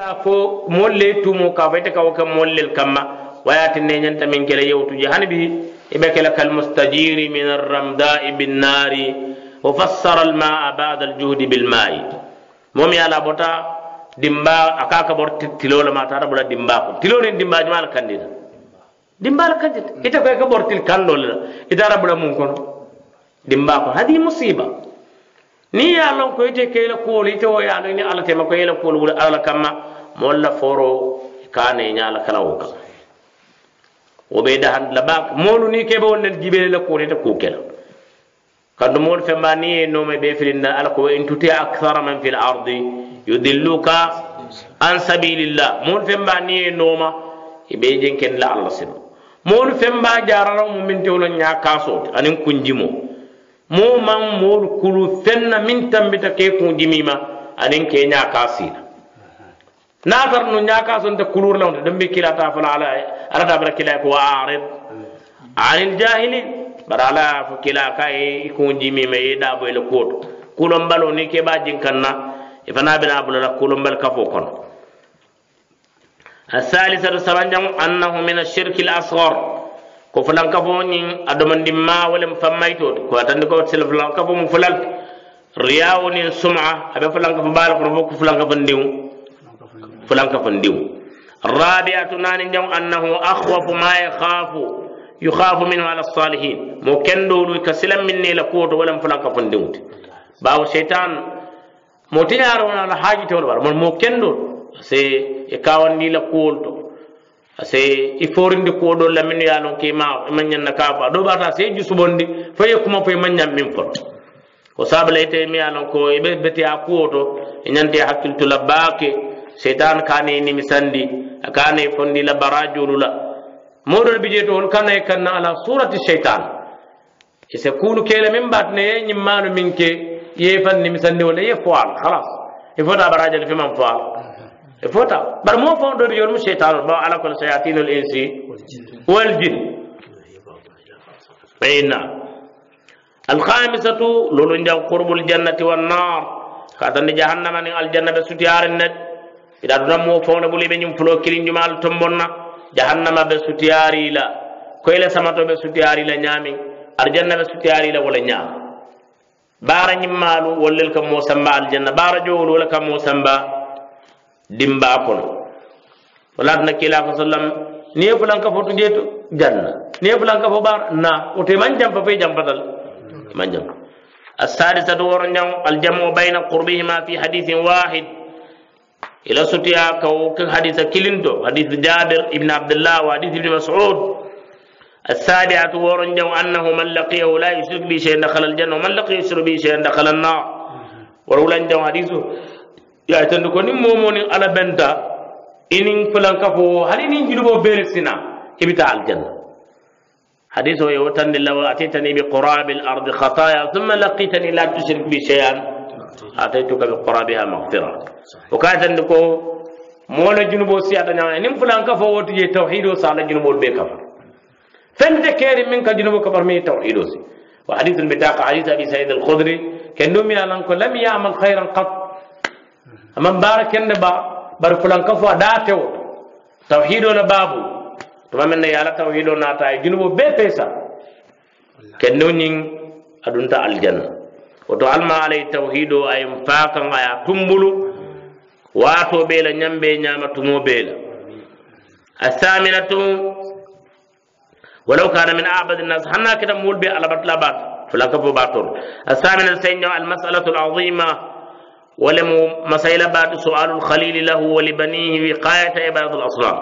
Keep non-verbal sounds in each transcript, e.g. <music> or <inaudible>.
ta fo molle tumo ka fayta ka woke mollel kamma wayati neñanta min kele yewtuji hani bi ibe kele kal mustajiri min arramdai binnari wa fassara almaa bada aljuhdi bilmai momi ala bota dimba akaka bor tilola ma tara bula dimba ko tilonen dimba jama ala kandida dimba ala kandida mm. ita ko ka bor til kan lolla ita rabula mun kono dimba ko hadi musiba ni ya lon ko ite kayla ko ite wo ya lon ni ala tema ko yela ko wala ala kamma molla foro kane ñala kala wo ka wo ɓeyda handla ba molu ni keɓe wonnen jibele la kuurete kukela kandu molu fe ma ni ye nome ɓe filinna ala ko in tuti akthara man fil ardi yudilluka an sabilillah molu fe ma ni ye noma ɓe jenken la allah sino molu fe ma jarara mu min tewlo ña kasote anin kunjimo mo man molu kulu fenna min tambita ke kunjimima anin ke ña kasina naatar nu ñaaka sonte kuluur lewnte dembi kilata fola ala arata bara kila ko waarid anil jahilin bara ala fo kila ka e ikun jimime e, e daabo ele kuwoto kulombal oni keɓa jinkanna ifana e bena bulala kulombal kafo kono asalisatu sabanjang annahu min ashirki alasgar ko fulankafo ñin a domandi ma walem fammaytoote ko atandi ko sila fulankafo mu fulalte riyawo nin suma aɓe fulankafo baala kono fo ko fulankafo ndiŋu fulanka fon ndiw rabiatu nani njaw annahu akhwafu ma yakhafu yukhafu minhu ala salihin mo kendolu ka silam min nila kuwoto walam fulanka fon ndiwte bawo cheytan mo tiñarowonala haaji tewol wala mon mo kendol se e kawandila kuwol to se i e forindi kuwo ɗo lamminu ya lon kima imañanna e kafa ɗo ɓata se jusubondi foye kuma foye mañan min fot ko sabalayte mi ya lon ko e ɓe betiya kuwo to e ñante hakkiltula baake setan kane ni misandi akane fondi la barajulu la modol bijeto on kana kana ala surati shaytan ise kulu kele min batne nyimmanu minke ye fan ni misandi wala ye fwal khalas e fota barajal fi man fwal e fota bar mo fon do yolmu shaytan ba ala kun shayatinul insi wal jin bayna الخامسة لولو قرب الجنة والنار كاتن جهنم من الجنة بسوتي عارنت iɗaadunamo fowna ɓuliɓe ñum fulo kilinjumal tombonna jahannama ɓe sutiyarila koyle samato ɓe sutiyarila ñaami arjanna ɓe sutiyarila wala ñaama baara ñimmalu wallel kam mo samba aljanna baara jowolu wala kam mo samba dimba kono walatna kilako sallam niye fulanka fo to jeeto janna niye fulanka fo baara na wote man jampa fe jampatal man jampa assadisatu woro ñaw aljamu bayna qurbihima fi hadithin wahid إلى sotiya كو كحديث hadisa kilinto hadith jabir ibn abdullah wa hadith ibn mas'ud السابعة ورنج أنه من لقيه لا يشرك به شيئا دخل الجنة ومن لقيه يشرك به شيئا دخل النار ورولنج حديثه يا تندكو نم مومون على بنتا إن فلان كفو هل إن جلبو بيرسنا إبتاع الجنة حديثه يوتن لو وأتيتني بقراب الأرض خطايا ثم لقيتني لا تشرك بي شيئا أتيتك بها مغفرة وكانت عندكم مولا جنوب سياتا نعم نم فلان كفو وتجي توحيد وصالة جنوب البيكفر فانت كاري منك جنوب كفر مي توحيد وصي وحديث البتاقة حديث أبي سيد الخضري كان نومي أنك لم يعمل خيرا قط أما بارك النبا بار فلان كفو داتو توحيد ونبابو بابو من يالا توحيد وناتا جنوب جنوبو كان نونين أدونتا الجنة woto alma alay tawhid o ayen faakan aya tumbulu waato ɓe la ñamɓe ñama tumo ɓe la athaminatu walaw kana min abadi nnas hanna kita mool ɓe alabatla bat fula kafo bator athaminatu sayño almasalatu alazima ولم مسائل بعد سؤال الخليل له ولبنيه وقاية عبادة الأصنام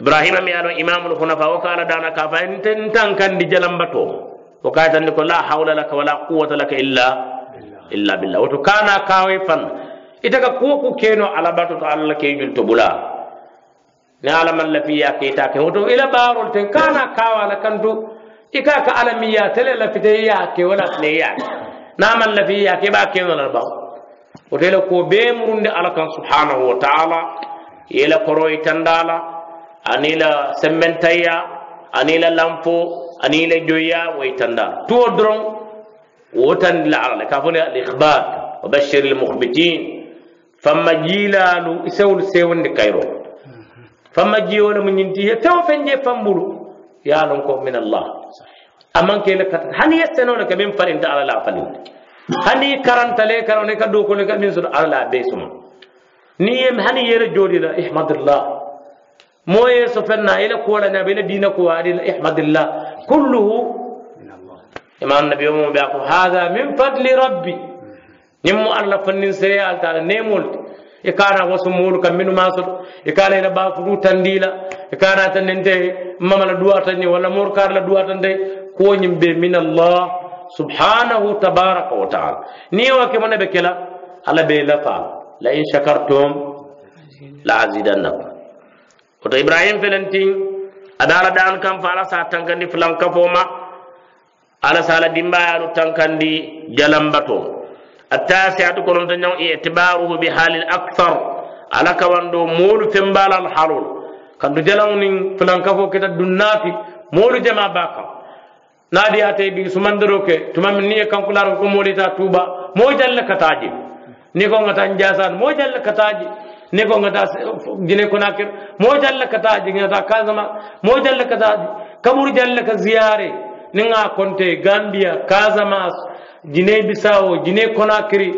إبراهيم مي إمام الخنفاء وكان دانا كافا انتن تنكن دي جلم بطو وقالت لك لا حول لك ولا قوة لك إلا إلا بالله وتكانا كاويفا إذا كوكو كينو على باتو تعالى كيجل تبلا نعلم اللي فيها كيتاك وتو إلى بارو تكانا كاوا لكنتو إكا كألمية تلي لفتياك ولا تلياك نعم اللي فيها كبا كينو لرباو وتلك كو بيمرون دي على كان سبحانه وتعالى إلى كروي تندالا أنيلا سمنتيا أنيلا لنفو أني لا جويا ويتندا تو درون وتن لعل كافل الإخبار وبشر المخبتين فما جيلا نو سول سيون كايرو فما جيوا من ينتهي تو فنجي فمبرو يا لونكم من الله أمان كيل كتر هني السنون كمين فرين على لا هني كران تلي كران كدو كل كمين سر على لا نيم هني ير لا إحمد الله مويه إلى كوالنا بين دينك وعلي إحمد الله كله من الله إمام النبي يقول هذا من فضل ربي نمو الله فنن سريع التالي نيمولت إكانا وسمول كم منو ماسل إكانا إلى باكرو تنديلا إكانا تننتهي مما لدوا تني ولا موركار لدوا تنتهي كوني من الله سبحانه تبارك وتعالى نيوا كمان بكلا على بيلفا لئن شكرتم لأزيدنكم وتو إبراهيم فلنتين aɗa ala ɗan kan fa ala sa tankandi flankafoma ala sa ala dimbayalu tankandi jalambato attasiatu kononto ñaw i itibaruhu bi halil akthar ala kawando molu fembalal halol kandu jalawnin flankafo keta dunnati molu jama baka nadi ate bi sumandoro ke tumam ni e kankularo ko molita tuba mo jalle kataji ni ko ngata njasan mo jalle kataji نيكون غدا جيني كناكر موي جال لكتا جيني تا كازما موي جال لكتا كامور جال لك زياري نينا كونتي غامبيا كازما جيني بيساو جيني كناكري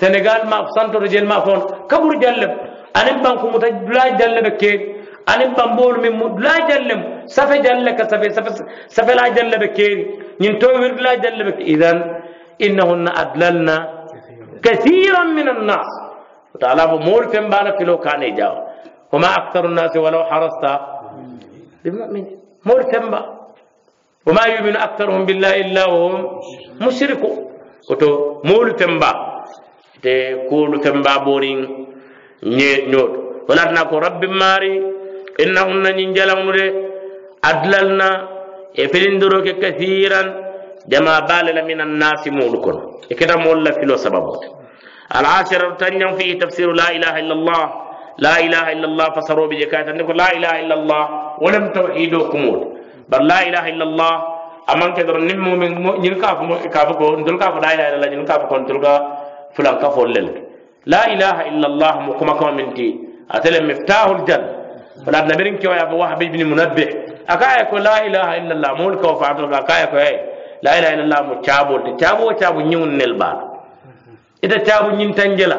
سنغال ما سانتو رجل ما فون كامور جال لك انم بانكو موتا بلا جال لك انم بامبول مي مود لا جال لك صف جال لك صف صف صف لا جال لك نين توي ور لا جال لك اذا انهن ادللنا كثيرا من الناس taala ko moori fembaano filo kaane jaawa woma aktaru nnasi walaw harasta bimumini moori femba woma yuminu aktaruhum billahi illa hum musriku koto moolu femba te kuolu femba boorin ñeñooto walatana ko rabbi maari innahunna ñin jalanude adlalna e filindoroke kahiran jama baalela minannasi muolu kono e keta moolu la filo sababote العاشر تنم فيه تفسير لا إله إلا الله لا إله إلا الله فسروا بجكاة لا إله إلا الله ولم توحيدوا كمود بل لا إله إلا الله أمان كدر نمو من نين كافو كافو ندل لا إله إلا الله نين كافو كنتل فلان كافو لل لا إله إلا الله مكما كما منتي أتلا مفتاح الجنة فلا نبرين كوايا بواحد بن منبه أكايك لا إله إلا الله مولك وفعتك أكايك لا إله إلا الله متشابو تشابو تشابو نيون نلبار ita tabu nyin tangela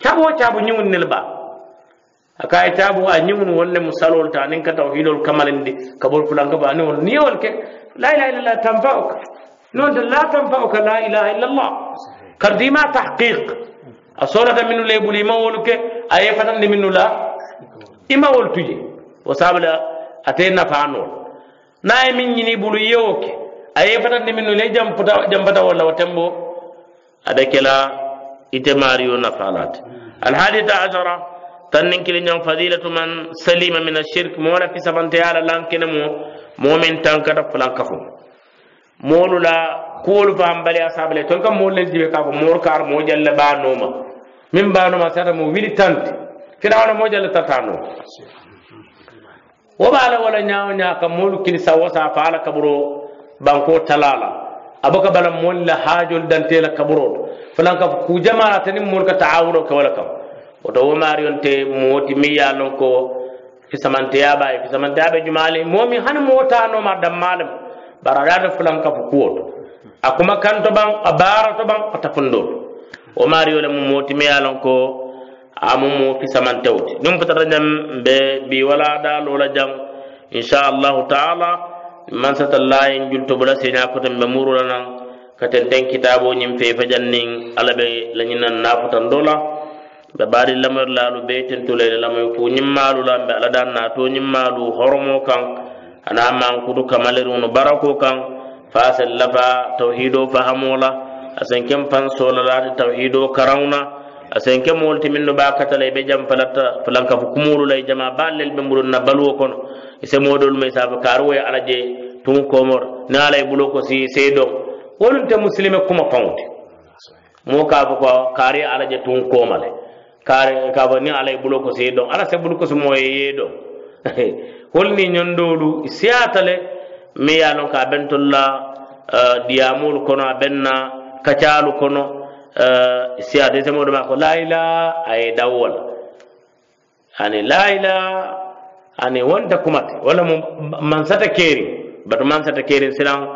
tabo tabu nyun nilba akay tabu a nyun wonne musalol ta nin ka tawhidul kamalindi kabol fulan ka bani ni wol ni wol ke la ilaha illallah tanfa'uka non la tanfa'uka la ilaha illallah kardima tahqiq asolata minu le buli ma wol ke aye fatan de minu la ima wol tuje wasabla atena fanol naye min nyini bulu yoke aye fatan de minu le jam puta jam pata wala watembo ada kela ite mariyo nafanate alhadita asara tannin kiliñan fadilatu man salima min ashirk mo wona fisabanteyala lankene mo momin tankata fulankafo moolu la kuwolu fahambali asabale ton kam moolu le jibe kafo moor kaar mo jalle banoma min banoma sata mo wili tan tante firawna mo jalle n'o? wo ɓaala wala ñawo ka moolu kili sawo sa faala kaburo banko talala aboka bala mool la haajol dantela kaburoo to fanan ka ku jamara tanin mool ka taawuno ke wala kam woto wo maari on te mooti min ya lon ko fisamanteyaaba e fisamanteyaaɓe jumaali moomi hani mootanoma dammaale mo bara aɗaato fulan ka fo kuwo to a kuma kanto ɓan a baara to ɓan a tafondoo to wo maari ole mu mooti min ya lon ko amumu fisamantewti ɗum fotata jam mbe mbi wala daalola jam inchallahu taala man sata laayin julto bula sina kutan be murula nan ka tenten kitabo nyim fe fajan nin ala be lanyin nan na kutan dola be bari lamar lalu be tentu lele lamay ku nyim malu lan be ala dan na to nyim malu hormo kan ana man kutu kamalirun barako kan fasal lafa tauhido fahamola asen kem pan sola la tauhido karauna asen kem molti minno ba katale be jam falata falanka fu kumulu lay jama balel be mulun na balu kono E semodol may saba karuwa ya e alaje tun komor na alaye buloko si sedo wani ta musulmi kuma fawundi mo ka fa ko kare alaje tun komale kare ka fa ni alaye buloko si sedo ala se buloko si moye yedo <laughs> holni nyondodu siatale mi ya non ka bentolla uh, diyamul kono benna kacalu kono uh, eh, siatale semodo ma ko la ilaha ay e dawol ani la ilaha ani wonta kumate walla mo mansata keeri bato mansata keeri silan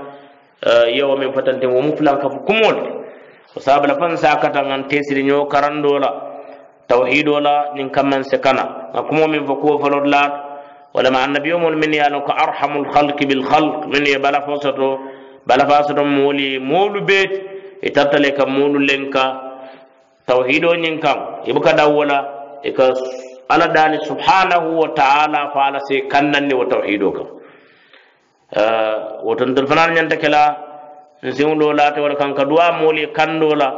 eh, yewo min fotante wo mufulan kafo kumole o sabula fan sakata an tesiri ño karandola tawhido la nin kamman se kana a kumo min fo kuwo falor laato walla ma annabio mol min yalon ko arhamul halki bil halk min ye balafosoto balafasoto mowoli molu beeti e tartale ka molu len ka tawhido ñin kan ibuka e dawwola e ka ala daali subhanahu wa taala faala se kannanni wo tawhido kam ah, wotontol fanaa ñanta kela nsiŋolo laate wala kan ka duwa mooli ye kando la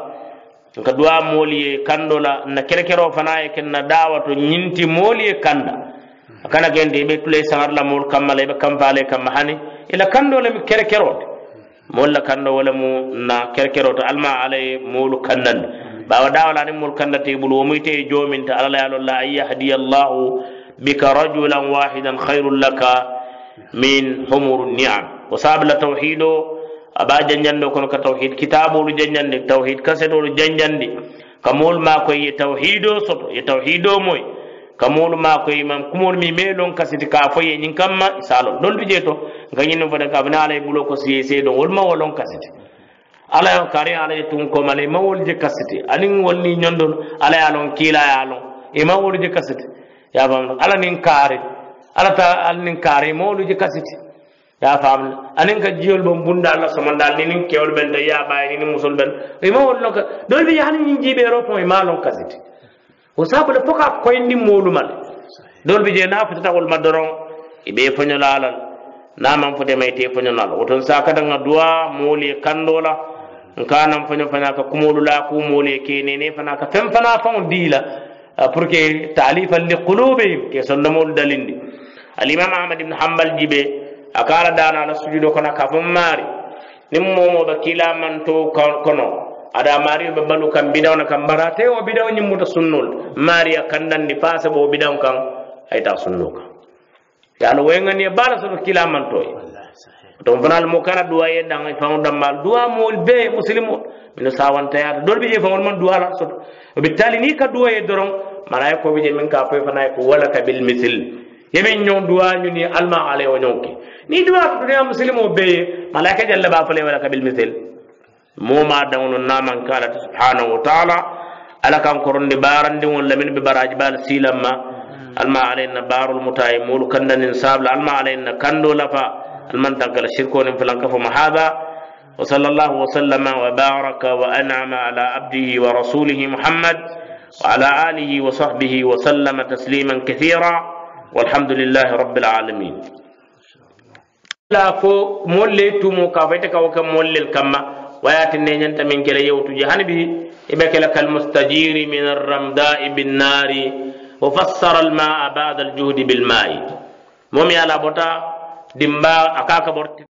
nka duwa mooli ye kando la nna kerekeroo fanaŋ ye kenna daawato ñinti mooli ye kanda a kana gente i be tula i saŋar la moolu kamma la i e be kanfaala ye kamma hani i la kando le mi kerekero te moolu la kando wo le mu na kerekero to alma ala ye moolu kannandi mm. bawa dawalani mulkanda tebul womuyte e jominta alala yalolla an yahdiya llahu bika rajulan wahidan hayrun laka min humuru niam o sabla tawhido aba janjande kono ka tawhid kitabolu janjande tawhid kasetolu janjande ka mol makoye ye tawhido soto ye tawhido moy ka mol makoye mam kumol mi melon kasiti ka foye ñin kamma salo dolduje to gañinno fodan ka bana alay bulo ko siye seedon wolma wolon kasiti ala yo kari ala ye tun komale ima wolu je kasiti anin wol ni ñondon ala ye lon kiila ya lon ima wolu je kasiti ya fam ala nin kari ala ta ala nin kari ima wolu je kasiti ya fam anin ka jiyol bon bunda ala somandal ni nin kewol ben da ya bay ni nin musul ben ima wolu lon do bi yani nin jibe ro fo ima lon kasiti o sabu le foka ko indi molu mal do bi je na fitata wol madoron ibe fanyala ala na man fude mai te fanyala woton sakadan adwa moli e kandola nka nan faño fana ka kumolu la kumolu ye kenene fana ka fen fana faŋo di la pour que talifa li qulubehim ke sollomolu dalindi alimam ahmad ibne hambal jibe a kala dana la sujudo kono ka fo maari nin momo ba kila manto kono ada mariyo ɓe balu kam bidawna kam bara te o bidaw ñimmuta sunnol mariya kandandi fasa ɓo bidaw kan ayta sunno kan yaalo woyngani e bala sono kila mantoye donc fana mo kana duwa ye dan e fanŋo dammal duwa mool be musilimo min sawantayata dol be je fanŋol man duwa la soto bitali ni ka duwa ye doron mana ye kobe je min ka foye fana ye ko walaka bil misil ye min ñoŋ duwa ñu ni alma alay o ñoŋ ke ni duwa tutuniya musilimo be ye malaika jalla ba fale walaka bil misil mo ma daŋono naman kalata subhanahu wa taala ala kan korondi barandiŋol lamin be baraji bal silanma alma alayna barol mutayi molu kandanin sabla alma alayna kando lafa المنطقة تنقل الشركون فلنك محابا وصلى الله وسلم وبارك وأنعم على عبده ورسوله محمد وعلى آله وصحبه وسلم تسليما كثيرا والحمد لله رب العالمين لا فو مولي تومو كافتك وكا مولي الكما وياتي نينتا من كلا يوتو جهنبه إبك لك المستجير من الرمداء بالنار وفسر الماء بعد الجهد بالماء مومي على بوتا dimba a kaka borti